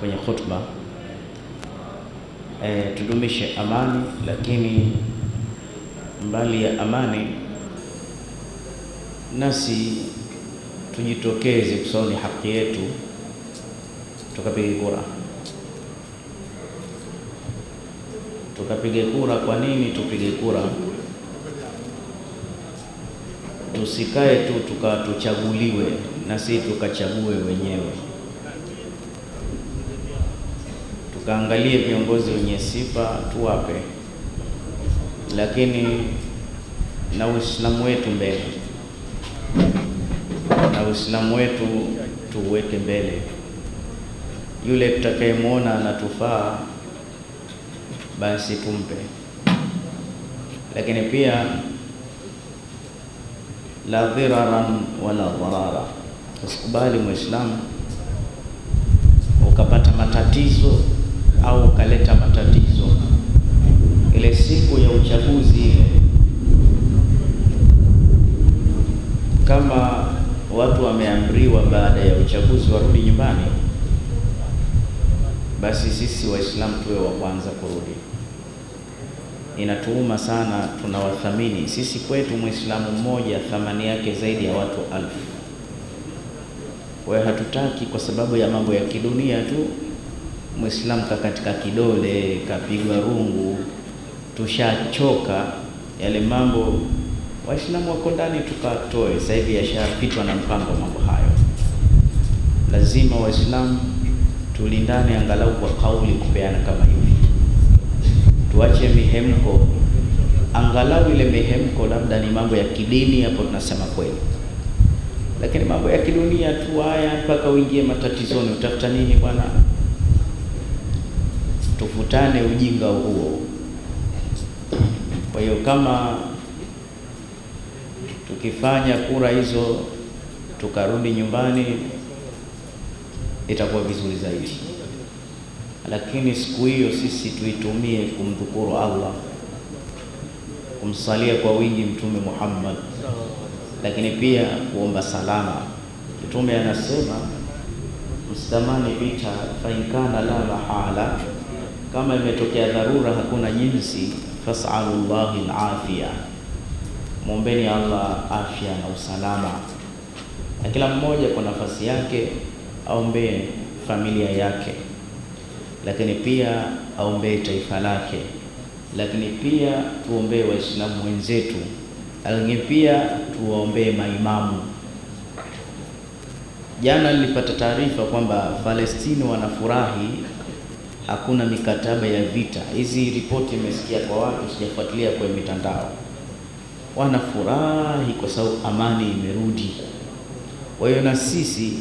kwenye khutba e, tudumishe amani, lakini mbali ya amani nasi tujitokeze kusoni haki yetu, tukapige kura, tukapige kura. Kwa nini tupige kura? Tusikae tu tukatuchaguliwe na si tukachague wenyewe. tukaangalie viongozi wenye sifa tuwape, lakini na Uislamu wetu mbele, na Uislamu wetu tuuweke mbele. Yule tutakayemwona anatufaa basi tumpe, lakini pia la dhiraran wala dharara. Usikubali Muislamu ukapata matatizo au ukaleta matatizo. Ile siku ya uchaguzi ile, kama watu wameamriwa baada ya uchaguzi warudi nyumbani, basi sisi Waislamu tuwe wa kwanza kurudi. Inatuuma sana, tunawathamini sisi. Kwetu Mwislamu mmoja thamani yake zaidi ya watu alfu. Kwa hiyo hatutaki kwa sababu ya mambo ya kidunia tu Muislamu katika kidole, kapigwa rungu, tushachoka yale mambo. Waislamu wako ndani, tukatoe. Sasa hivi yashapitwa na mpango mambo hayo. Lazima Waislamu tulindane angalau kwa kauli, kupeana kama hivi, tuache mihemko, angalau ile mihemko labda ni mambo ya kidini, hapo tunasema kweli lakini mambo ya kidunia tu haya, mpaka uingie matatizoni, utafuta nini bwana? tufutane ujinga huo. Kwa hiyo kama tukifanya kura hizo tukarudi nyumbani itakuwa vizuri zaidi, lakini siku hiyo sisi tuitumie kumdhukuru Allah, kumsalia kwa wingi Mtume Muhammad, lakini pia kuomba salama. Mtume anasema msitamani vita, fainkana la mahala kama imetokea dharura, hakuna jinsi, fasalu llahi alafia, mwombeni Allah afya na usalama. Na kila mmoja kwa nafasi yake aombee familia yake, lakini pia aombee taifa lake, lakini pia tuombee Waislamu wenzetu, lakini pia tuwaombee maimamu. Jana nilipata taarifa kwamba Palestina wanafurahi hakuna mikataba ya vita. Hizi ripoti imesikia kwa watu, sijafuatilia kwenye mitandao. Wanafurahi kwa sababu amani imerudi. Kwa hiyo na sisi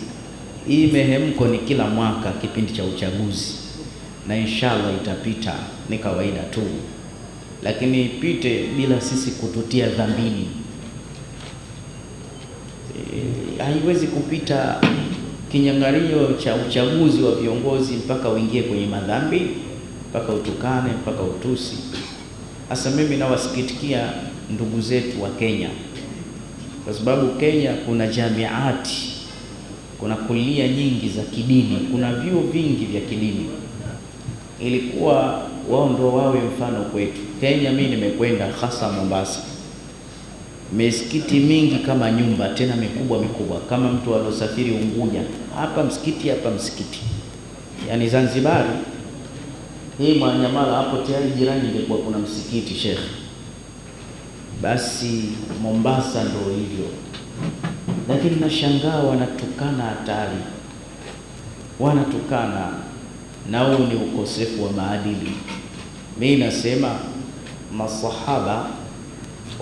hii mehemko ni kila mwaka kipindi cha uchaguzi, na inshallah itapita, ni kawaida tu, lakini ipite bila sisi kututia dhambini. E, haiwezi kupita kinyangalio cha uchaguzi wa viongozi mpaka uingie kwenye madhambi, mpaka utukane, mpaka utusi. Hasa mimi nawasikitikia ndugu zetu wa Kenya, kwa sababu Kenya kuna jamiati, kuna kulia nyingi za kidini, kuna vyuo vingi vya kidini. Ilikuwa wao ndio wawe mfano kwetu. Kenya, mimi nimekwenda hasa Mombasa misikiti mingi kama nyumba tena mikubwa mikubwa, kama mtu aliosafiri Unguja, hapa msikiti hapa msikiti, yaani Zanzibar hii Mwananyamala hapo tayari jirani ingekuwa kuna msikiti shekhe. Basi Mombasa ndio hivyo, lakini nashangaa wanatukana hatari, wanatukana na huu ni ukosefu wa maadili. Mimi nasema masahaba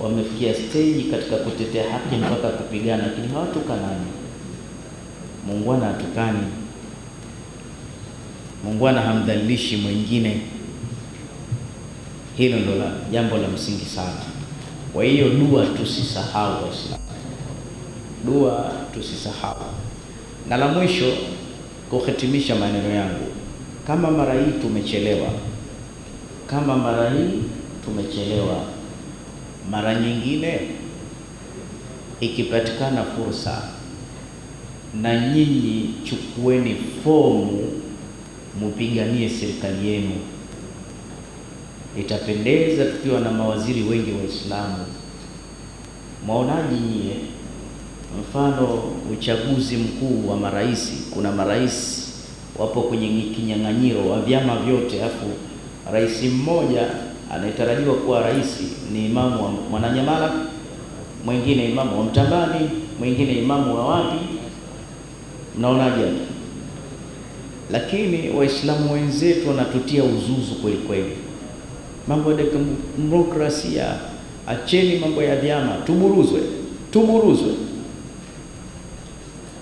wamefikia stage katika kutetea haki mpaka kupigana, lakini hawatukanani. mungwana hatukani, mungwana hamdhalilishi mwingine. Hilo ndo la jambo la msingi sana. Kwa hiyo dua tusisahau, Waislamu, dua tusisahau. Na la mwisho kuhitimisha maneno yangu, kama mara hii tumechelewa, kama mara hii tumechelewa mara nyingine ikipatikana fursa, na nyinyi chukueni fomu mupiganie serikali yenu. Itapendeza tukiwa na mawaziri wengi Waislamu. Mwaonaji nyie? Mfano uchaguzi mkuu wa marais, kuna marais wapo kwenye kinyang'anyiro wa vyama vyote, afu rais mmoja anayetarajiwa kuwa rais ni imamu wa Mwananyamala, mwingine imamu wa Mtambani, mwingine imamu wa wapi, mnaonaje? Lakini Waislamu wenzetu wanatutia uzuzu kweli kweli, mambo ya demokrasia, acheni mambo ya vyama, tuburuzwe, tuburuzwe.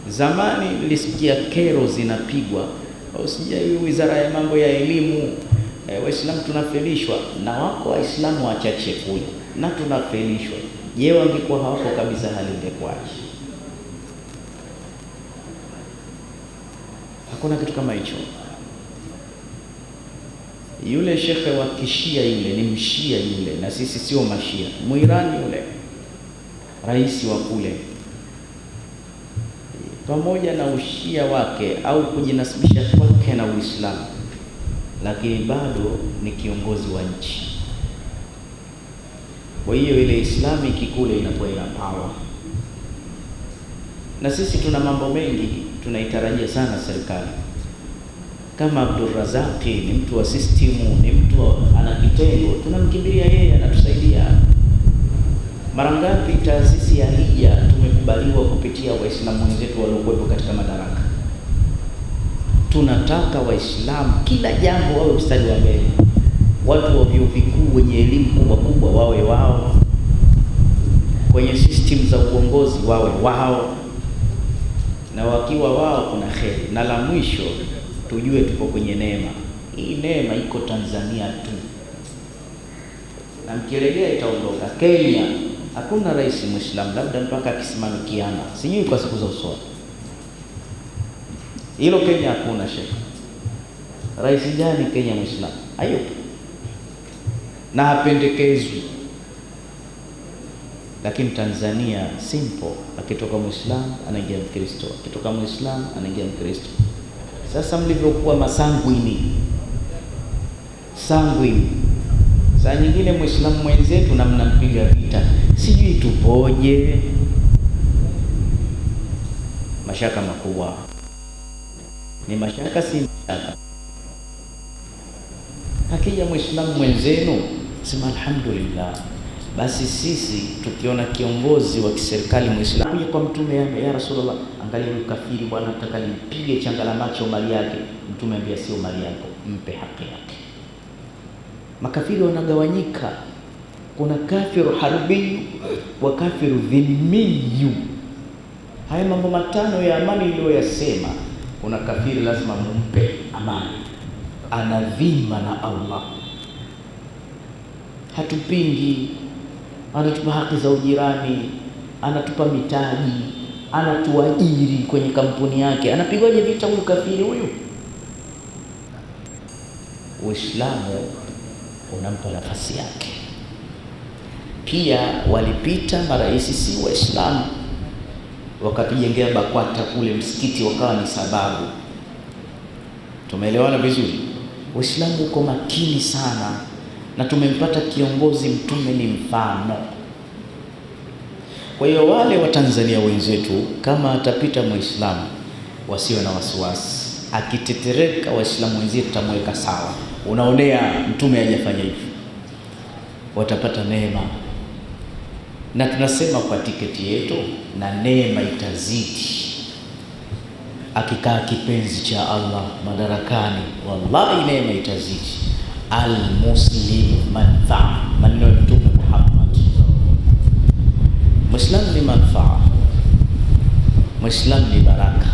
Zamani nilisikia kero zinapigwa, sijui wizara ya mambo ya elimu e, Waislamu tunafelishwa na wako Waislamu wachache kule na tunafelishwa. Je, wangekuwa hawako kabisa, hali ingekuwaje? Hakuna kitu kama hicho. Yule shekhe wa kishia yule ni mshia yule, na sisi sio mashia. Mwirani yule rais wa kule, pamoja na ushia wake au kujinasibisha kwake na Uislamu lakini bado ni kiongozi wa nchi. Kwa hiyo ile islami kikule inakuwa ina power, na sisi tuna mambo mengi tunaitarajia sana serikali. Kama Abdurrazaki ni mtu wa sistimu, ni mtu ana kitengo, tunamkimbilia yeye, anatusaidia. Mara ngapi taasisi ya hija tumekubaliwa kupitia waislamu wenzetu waliokuwepo katika madaraka tunataka Waislamu kila jambo wawe mstari wa mbele, watu wa vyuo vikuu wenye elimu kubwa kubwa wawe wao, kwenye system za uongozi wawe wao, na wakiwa wao kuna kheri. Na la mwisho tujue tuko kwenye neema. Hii neema iko Tanzania tu, na mkilegea itaondoka. Kenya hakuna rais Muislamu, labda mpaka akisimamikiana, sijui kwa siku za usoni hilo Kenya hakuna shek. Rais gani Kenya Muislamu? Hayupo na hapendekezwi. Lakini Tanzania simple, akitoka Muislamu anaingia Mkristo, akitoka Muislamu anaingia Mkristo. Sasa mlivyokuwa masangwini sangwini, saa nyingine Muislamu mwenzetu na mnampiga vita, sijui tupoje, mashaka makubwa ni mashaka si mashaka. Akija mwislamu mwenzenu sema alhamdulillah. Basi sisi tukiona kiongozi wa kiserikali mwislamu kwa mtume ya Rasulullah, angalia ukafiri bwana, atakalimpige changa la macho mali yake. Mtume ambia sio mali yako, mpe haki yake. Makafiri wanagawanyika, kuna kafiru harbiyu wa kafiru dhimmiyu. Haya mambo matano ya amani iliyoyasema kuna kafiri lazima mumpe amani, ana dhima na Allah. Hatupingi, anatupa haki za ujirani, anatupa mitaji, anatuajiri kwenye kampuni yake. Anapigwaje vita huyu kafiri huyu? Uislamu unampa nafasi yake. Pia walipita marais si Waislamu wakatujengea BAKWATA kule msikiti, wakawa ni sababu. Tumeelewana vizuri? Uislamu uko makini sana, na tumempata kiongozi, Mtume ni mfano. Kwa hiyo wale Watanzania wenzetu, kama atapita Muislamu, wasio na wasiwasi, akitetereka, Waislamu wenzetu tutamweka sawa. Unaonea Mtume hajafanya hivi, watapata neema na tunasema kwa tiketi yetu, na neema itazidi. Akikaa kipenzi cha Allah madarakani, wallahi neema itazidi. Almuslim manfaa, maneno ya Mtume Muhammad, mwislamu ni manfaa, mwislamu ni baraka,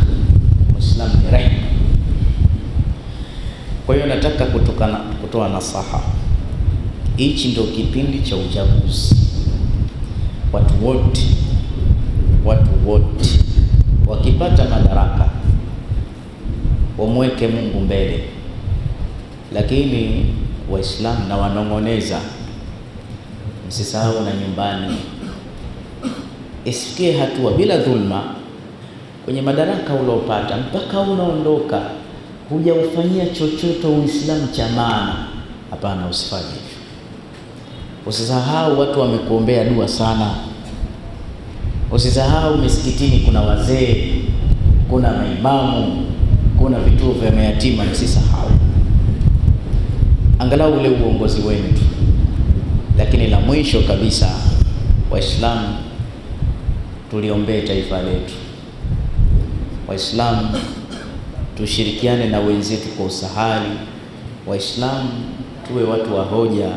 mwislamu ni rehma. Kwa hiyo nataka kutoa nasaha, hichi ndio kipindi cha uchaguzi watu wote, watu wote wakipata madaraka wamweke Mungu mbele, lakini Waislamu na wanong'oneza, msisahau na nyumbani, isifikie hatua bila dhulma kwenye madaraka uliopata mpaka unaondoka hujaufanyia chochote Uislamu cha maana. Hapana, usifanye hivyo. Usisahau watu wamekuombea dua sana. Usisahau misikitini kuna wazee, kuna maimamu, kuna vituo vya mayatima. Usisahau angalau ule uongozi wenu. Lakini la mwisho kabisa, Waislamu tuliombee taifa letu. Waislamu tushirikiane na wenzetu kwa usahali. Waislamu tuwe watu wa hoja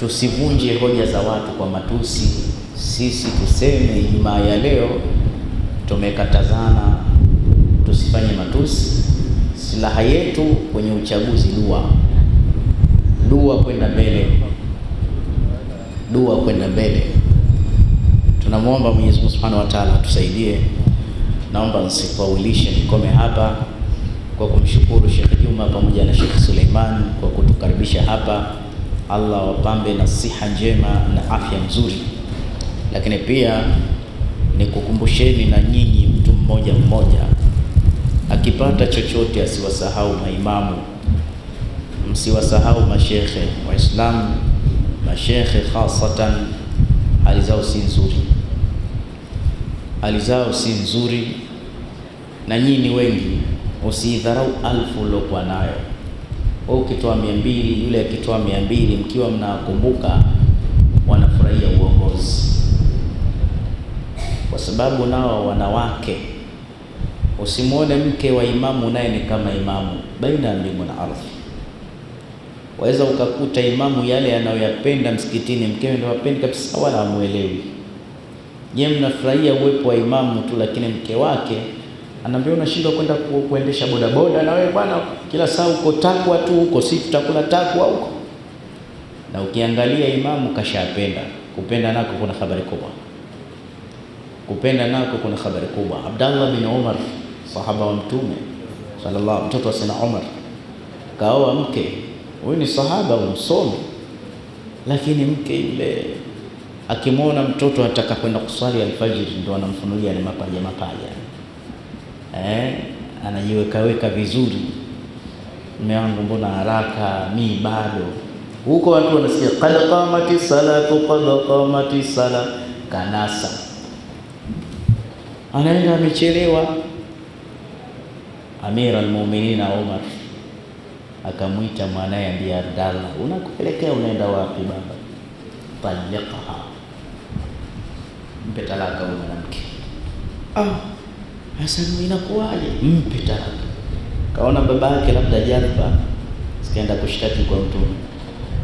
Tusivunje hoja za watu kwa matusi. Sisi tuseme Ijumaa ya leo tumekatazana, tusifanye matusi. Silaha yetu kwenye uchaguzi dua, dua kwenda mbele, dua kwenda mbele. Tunamwomba Mwenyezi Mungu Subhanahu wa Ta'ala atusaidie. Naomba nsifawilishe nikome hapa kwa kumshukuru Sheikh Juma pamoja na Sheikh Suleiman kwa kutukaribisha hapa. Allah wapambe na siha njema na afya nzuri, lakini pia ni kukumbusheni na nyinyi, mtu mmoja mmoja akipata chochote asiwasahau maimamu, msiwasahau mashekhe Waislamu. Mashekhe khasatan, hali zao si nzuri, hali zao si nzuri, na nyinyi wengi usiidharau alfu uliokuwa nayo wewe ukitoa mia mbili yule akitoa mia mbili mkiwa mnakumbuka, wanafurahia uongozi, kwa sababu nao wanawake, usimwone mke wa imamu naye ni kama imamu, baina ya mbingu na ardhi. Waweza ukakuta imamu yale anayoyapenda msikitini, mkewe ndio wapendi kabisa, wala amwelewi. Je, mnafurahia uwepo wa imamu tu, lakini mke wake Anaambia unashindwa kwenda ku, kuendesha bodaboda na wewe bwana, kila saa uko takwa tu huko, si tutakula takwa huko. Na ukiangalia imamu kashapenda kupenda, nako kuna habari kubwa, kupenda nako kuna habari kubwa. Abdallah bin Umar, sahaba wa Mtume sallallahu, mtoto wa sina Umar, kaoa mke huyu, ni sahaba msomi, lakini mke ile akimwona mtoto ataka kwenda kuswali alfajiri, ndo anamfunulia ni mapaja mapaja eh, anajiwekaweka vizuri. Mume wangu mbona haraka, mi bado huko. Watu wanasikia qad qamati salatu, qad qamati sala, kanasa anaenda amechelewa. amir almuminina Umar akamwita mwanaye, ambaye Abdallah, unakupelekea unaenda wapi baba? Taliqha, mpe talaka mwanamke ah. Sasa inakuwaje? Mpe talaka. Kaona baba yake labda jadhba, sikaenda kushtaki kwa mtume.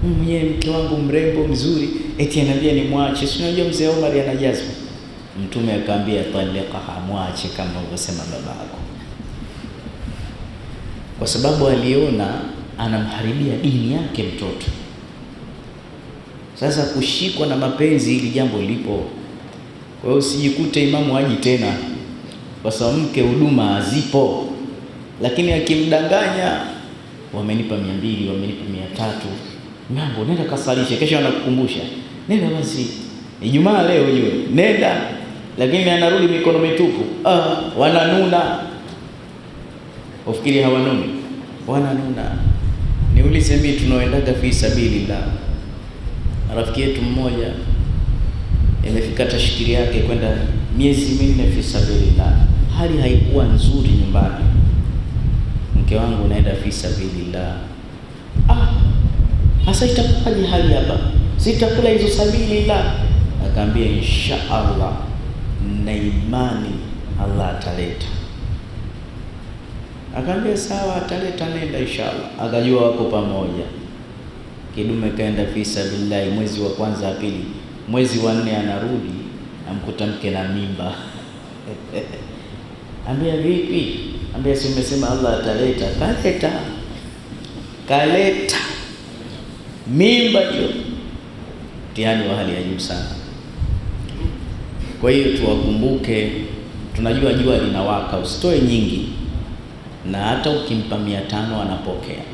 Mm, Mwenyewe mke wangu mrembo mzuri, eti anambia ni mwache. Si unajua mzee Omar ana jazba. Mtume akaambia talikaha, hamwache kama ulivyosema baba yako, kwa sababu aliona anamharibia dini yake mtoto. Sasa kushikwa na mapenzi, hili jambo lipo. Kwa hiyo usijikute imamu aji tena kwa sababu mke huduma hazipo, lakini akimdanganya wamenipa mia mbili, wamenipa mia tatu, mambo nenda kasalishe, kesho anakukumbusha nenda basi, Ijumaa leo jue, nenda, lakini anarudi mikono mitupu. Ah, wananuna, Ufikiri hawanuni, wananuna. Niulize mimi, tunaoendaga fi la rafiki yetu mmoja imefika tashikiri yake kwenda miezi minne fi sabilillah. Hali haikuwa nzuri nyumbani, mke wangu naenda fi sabilillah. Ah, hasa itakuwaje hali hapa, sitakula hizo sabilillah? Akaambia insha Allah, na imani Allah ataleta. Akaambia sawa, ataleta, nenda insha Allah. Akajua wako pamoja, kidume kaenda fi sabilillah, mwezi wa kwanza, wa pili, mwezi wa nne anarudi amkuta mke na mimba ambia vipi? Ambia si umesema Allah ataleta. Kaleta, kaleta mimba hiyo. Mtihani wa hali ya juu sana. Kwa hiyo tuwakumbuke, tunajua jua linawaka, usitoe nyingi, na hata ukimpa mia tano anapokea,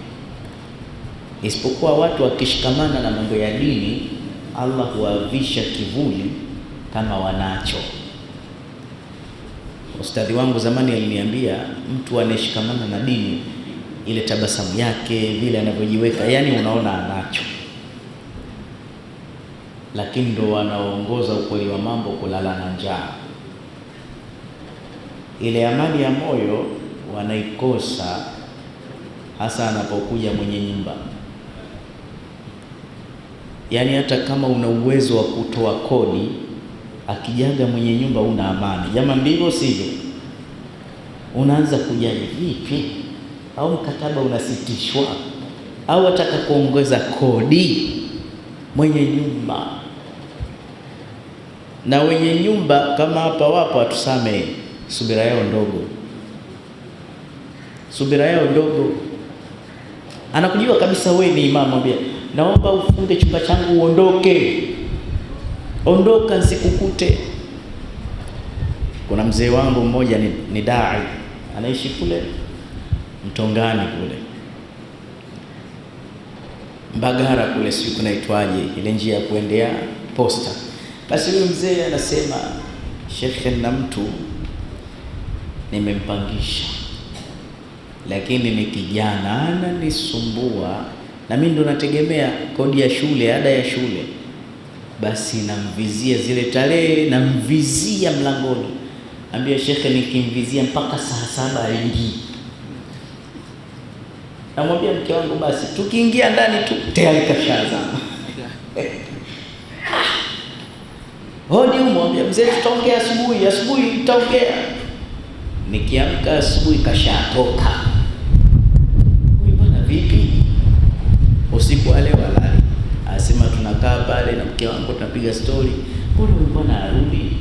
isipokuwa watu wakishikamana na mambo ya dini, Allah huwavisha kivuli kama wanacho. Ustadhi wangu zamani aliniambia mtu anayeshikamana na dini, ile tabasamu yake, vile anavyojiweka, yani unaona anacho, lakini ndo wanaoongoza ukweli wa mambo kulala na njaa. Ile amani ya moyo wanaikosa, hasa anapokuja mwenye nyumba. Yani hata kama una uwezo wa kutoa kodi akijaga mwenye nyumba una amani jamaa, ndivyo sivyo? Unaanza kujali vipi? Au mkataba unasitishwa au ataka kuongeza kodi mwenye nyumba? Na wenye nyumba kama hapa wapo, atusame subira yao ndogo, subira yao ndogo. Anakujua kabisa we ni imamu, ambia naomba ufunge chumba changu uondoke ondoka, nsikukute. Kuna mzee wangu mmoja ni, ni dai anaishi kule Mtongani kule Mbagara kule, sijui kunaitwaje ile njia ya kuendea posta. Basi huyo mzee anasema, shekhe, na mtu nimempangisha, lakini ni kijana ananisumbua, na mimi ndo nategemea kodi ya shule, ada ya shule basi namvizia zile tarehe, namvizia mlangoni, ambia shekhe, nikimvizia mpaka saa saba aingii. Namwambia mke wangu, basi tukiingia ndani tu tayari kashazama. Hodi umwambia mzee, tutaongea asubuhi. Asubuhi tutaongea, nikiamka asubuhi kashatoka tunakaa pale na mke wangu tunapiga stori, mbona ulikuwa na arudi?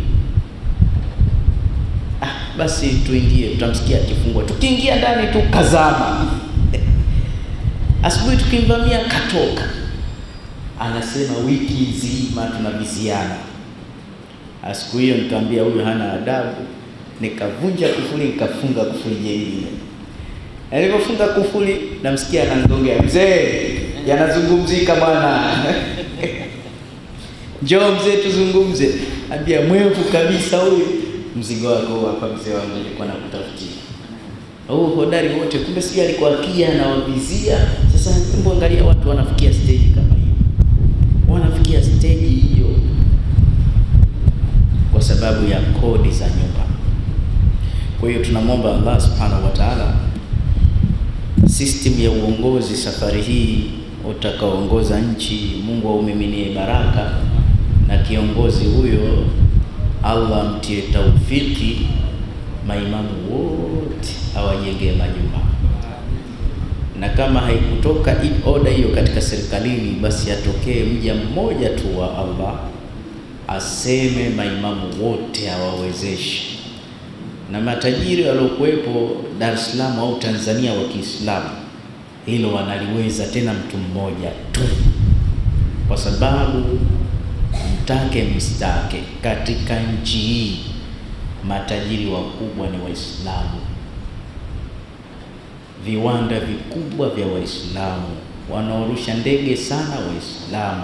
Ah, basi tuingie, tutamsikia akifungwa. Tukiingia ndani tu kazama. Asubuhi tukimvamia katoka, anasema wiki nzima tunabiziana. Ah, siku hiyo nikamwambia huyu hana adabu, nikavunja kufuli, nikafunga kufuli jingine. Nilipofunga kufuli, namsikia anangongea, mzee, yanazungumzika bwana njoo mzee, tuzungumze. Ambia mwevu kabisa huyu, mzigo wako hapa mzee wangu, nilikuwa nakutafutia huu oh, hodari wote, kumbe sijui alikuwa kia na wavizia. Sasa kumbe, angalia watu wanafikia stage kama hiyo, wanafikia stage hiyo kwa sababu ya kodi za nyumba. Kwa hiyo tunamwomba Allah subhanahu wa ta'ala, system ya uongozi safari hii utakaoongoza nchi, Mungu aumiminie baraka na kiongozi huyo, Allah mtie taufiki, maimamu wote awajengee majumba, na kama haikutoka oda hiyo katika serikalini, basi atokee mja mmoja tu wa Allah aseme maimamu wote hawawezeshi. Na matajiri waliokuwepo Dar es Salaam au Tanzania wa Kiislamu, hilo wanaliweza tena mtu mmoja tu, kwa sababu mtake mstake, katika nchi hii matajiri wakubwa ni Waislamu, viwanda vikubwa vya Waislamu, wanaorusha ndege sana Waislamu.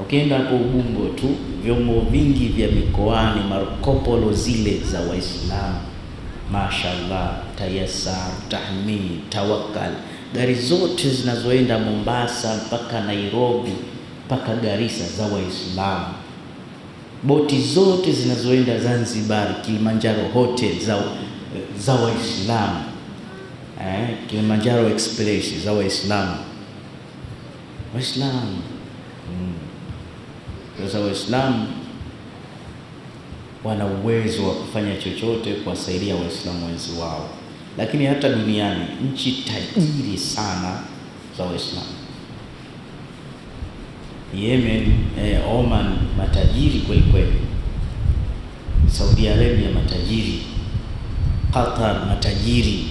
Ukienda hapo Ubungo tu vyombo vingi vya mikoani, markopolo zile za Waislamu, mashallah, Tayasar, Tahmid, tawakal gari zote zinazoenda Mombasa mpaka Nairobi mpaka Garissa za Waislamu, boti zote zinazoenda Zanzibar, Kilimanjaro hotel za, za Waislamu eh, Kilimanjaro express za Waislamu Waislamu hmm. Waislamu wana uwezo wa kufanya chochote kuwasaidia Waislamu wenzi wao, lakini hata duniani nchi tajiri sana za Waislamu Yemen, eh, Oman matajiri kweli kweli, Saudi Arabia matajiri, Qatar matajiri,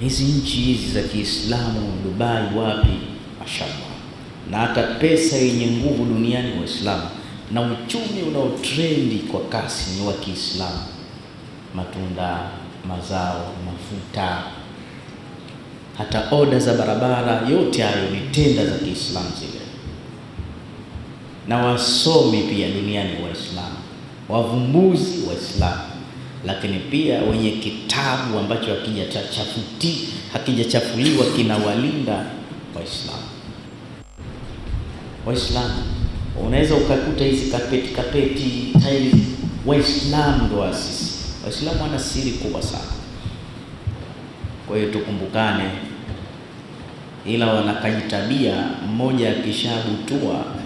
hizi nchi hizi za Kiislamu, Dubai, wapi, mashallah. Na hata pesa yenye nguvu duniani Waislamu, na uchumi unaotrendi kwa kasi ni wa Kiislamu, matunda, mazao, mafuta hata oda za barabara, yote hayo ni tenda za Kiislamu zile na wasomi pia duniani Waislamu, wavumbuzi Waislamu, lakini pia wenye kitabu ambacho hakijachafuliwa kinawalinda Waislamu. Waislamu unaweza ukakuta hizi kapeti kapeti taili, Waislamu ndo asisi Waislamu wana siri kubwa sana, kwa hiyo tukumbukane, ila wanakajitabia mmoja akishabutua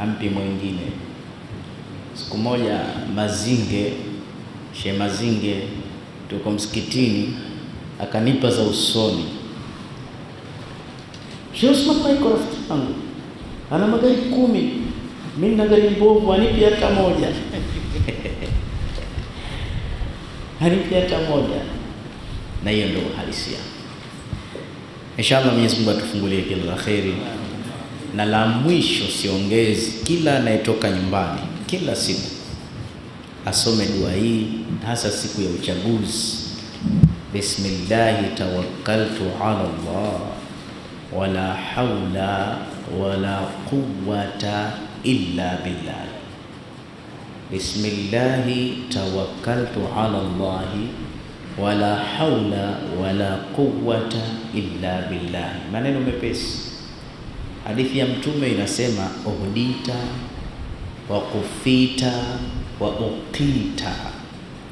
ampi mwingine. Siku moja Mazinge, she Mazinge, tuko msikitini, akanipa za usoni, Sheikh Usman Maiko rafiki yangu ana magari kumi, mimi na gari mbovu, anipi hata moja anipi hata moja. Na hiyo ndio uhalisia. Inshallah, Mwenyezi Mungu atufungulie kila la kheri na la mwisho siongezi, kila anayetoka nyumbani kila siku asome dua hii, hasa siku ya uchaguzi: bismillahi tawakkaltu ala Allah wala haula wala quwwata illa billah. Bismillahi tawakkaltu ala Allah wala haula wala quwwata illa billah, maneno mepesi Hadithi ya Mtume inasema uhdita wa kufita wa uqita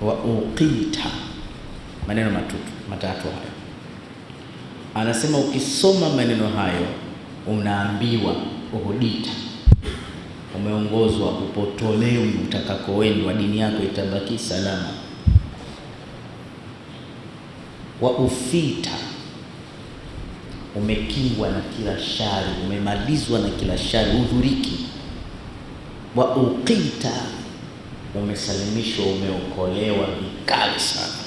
wa uqita, maneno matutu matatu hayo. Anasema ukisoma maneno hayo unaambiwa uhdita, umeongozwa upotolewi utakakoendwa, dini yako itabaki salama. wa ufita umekingwa na kila shari, umemalizwa na kila shari, hudhuriki. Wa uqita, umesalimishwa, umeokolewa vikali sana.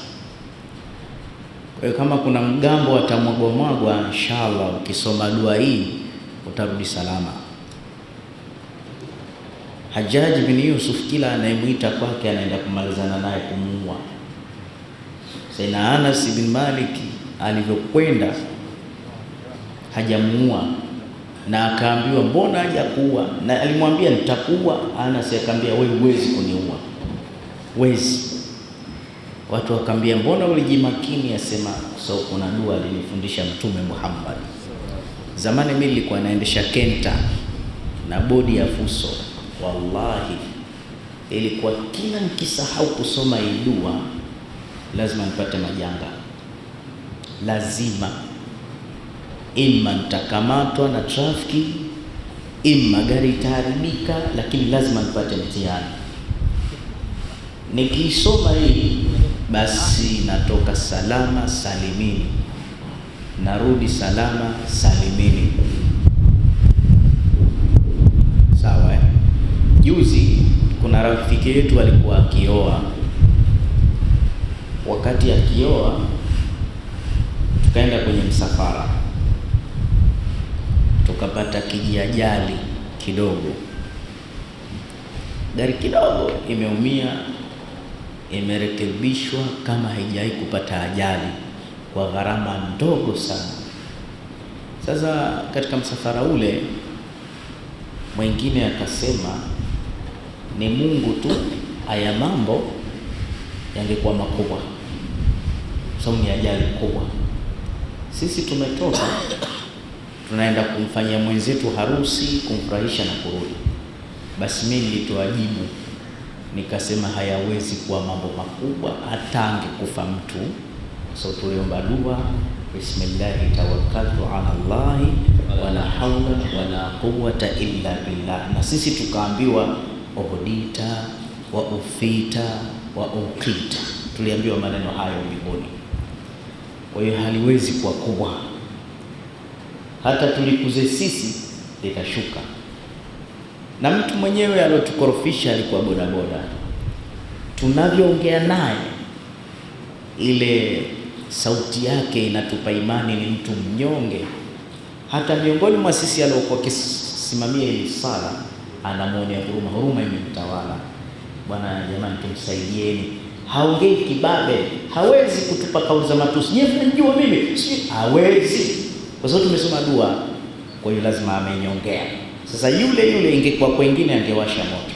Kwa hiyo kama kuna mgambo atamwagwamwagwa, inshallah ukisoma dua hii utarudi salama. Hajaji bin Yusuf kila anayemwita kwake anaenda kumalizana naye kumuua. Sayyidina Anas bin Malik alivyokwenda hajamuua na akaambiwa mbona kuua, na alimwambia nitakuua. Anasi akaambia wewe huwezi kuniua, wezi. Watu wakaambia mbona ulijimakini? Asema so, kuna dua alinifundisha Mtume Muhammad. Zamani mimi nilikuwa naendesha kenta na bodi ya Fuso, wallahi ilikuwa kila nikisahau kusoma hii dua lazima nipate majanga, lazima ima nitakamatwa na trafiki, ima gari itaharibika, lakini lazima nipate mtihani. nikisoma hii basi natoka salama salimini, narudi salama salimini. Sawa eh? Juzi kuna rafiki yetu alikuwa akioa. Wakati akioa, tukaenda kwenye msafara tukapata kijiajali kidogo, gari kidogo imeumia, imerekebishwa kama haijawahi kupata ajali kwa gharama ndogo sana. Sasa katika msafara ule mwingine akasema ni Mungu tu, haya mambo yangekuwa makubwa, sababu ni ajali kubwa. Sisi tumetoka tunaenda kumfanyia mwenzetu harusi, kumfurahisha na kurudi. Basi mimi nilitoajibu nikasema, hayawezi kuwa mambo makubwa, hata angekufa mtu. So tuliomba dua, bismillahi tawakkaltu ala llahi wala haula wala quwwata illa billah, na sisi tukaambiwa uhdita wa ufita wa ukita, tuliambiwa maneno hayo mbinguni. Kwa hiyo haliwezi kuwa kubwa hata tulikuze sisi litashuka. Na mtu mwenyewe aliotukorofisha alikuwa bodaboda, tunavyoongea naye ile sauti yake inatupa imani ni mtu mnyonge. Hata miongoni mwa sisi aliokuwa akisimamia ile sala anamwonea huruma, huruma imemtawala. Bwana jamani, tumsaidieni. Haongei kibabe, hawezi kutupa kauli za matusi. Je, mnajua mimi? Si hawezi kwa sababu tumesoma dua, kwa hiyo lazima amenyongea. Sasa yule yule ingekuwa kwengine angewasha moto.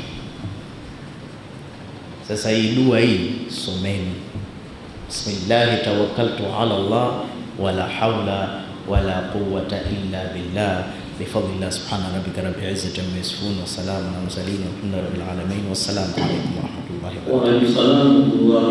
Sasa hii dua hii someni, bismillahi tawakkaltu ala Allah wala haula wala quwwata illa billah bifadlillah subhana rabbika rabbil izzati amma yasifun wa salamun ala mursalin walhamdulillahi rabbil alamin wassalamu alaykum wa rahmatullahi